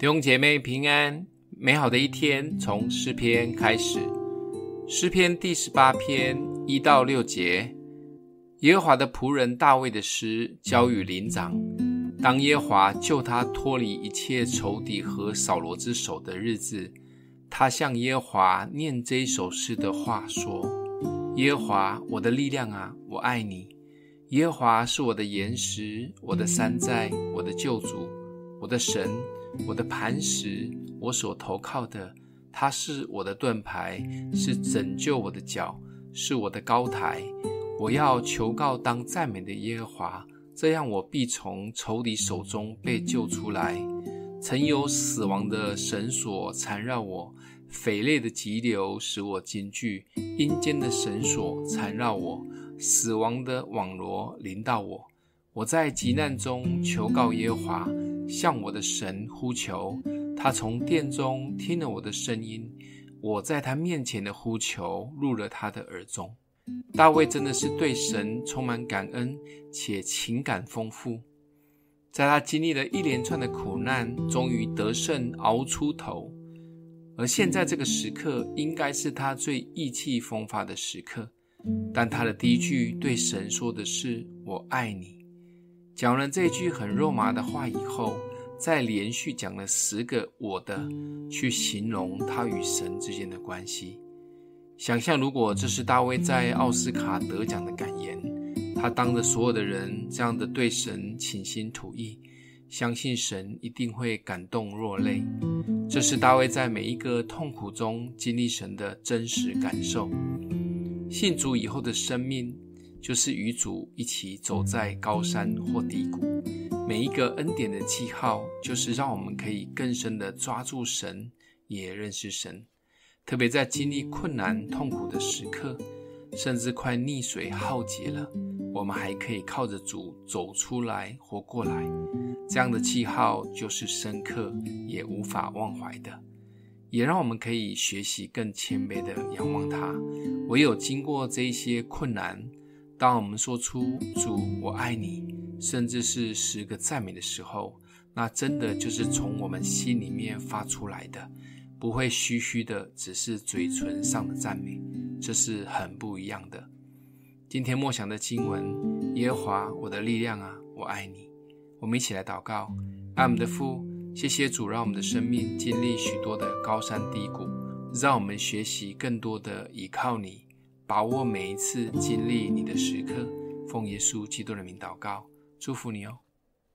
弟兄姐妹平安，美好的一天從詩篇開始。詩篇第十八篇一到六節，耶和華的僕人大衛的詩，交與伶長。當耶和華救他脫離一切仇敵和掃羅之手的日子，他向耶和華念這一首詩的話說：“耶和華，我的力量啊，我愛你。耶和華是我的岩石，我的山寨，我的救主，我的神。”我的磐石，我所投靠的，他是我的盾牌，是拯救我的角，是我的高台。我要求告當讚美的耶和華，這樣我必從仇敵手中被救出來。曾有死亡的繩索纏繞我，匪類的急流使我驚懼，陰間的繩索纏繞我，死亡的網羅臨到我。我在急難中求告耶和華。向我的神呼求，他從殿中聽了我的聲音，我在他面前的呼求入了他的耳中。大衛真的是對神充滿感恩且情感豐富，在他經歷了一連串的苦難，終於得勝熬出頭，而現在這個時刻應該是他最意氣風發的時刻，但他的第一句對神說的是：“我愛你。”講了這句很肉麻的話以後，再連續講了十個“我的”去形容他與神之間的關係。想象如果這是大衛在奧斯卡得獎的感言，他當着所有的人這樣的對神傾心吐意，相信神一定會感動落淚。這是大衛在每一個痛苦中經歷神的真實感受。信主以後的生命。就是與主一起走在高山或低谷，每一個恩典的記號，就是讓我們可以更深地抓住神，也認識神。特別在經歷困難、痛苦的時刻，甚至快溺水、浩劫了，我們還可以靠着主走出來、活過來。這樣的記號就是深刻，也無法忘懷的，也讓我們可以學習更謙卑的仰望祂。唯有經過這些困難。當我們說出“主，我愛你”，甚至是十個讚美的時候，那真的就是從我們心裡面發出來的，不會虛虛的，只是嘴唇上的讚美，這是很不一樣的。今天默想的經文：“耶和華，我的力量啊，我愛你。”我們一起來禱告，愛我們的父，謝謝主，讓我們的生命經歷許多的高山低谷，讓我們學習更多的倚靠你。把握每一次經歷你的時刻，奉耶穌基督的名禱告，祝福你哦。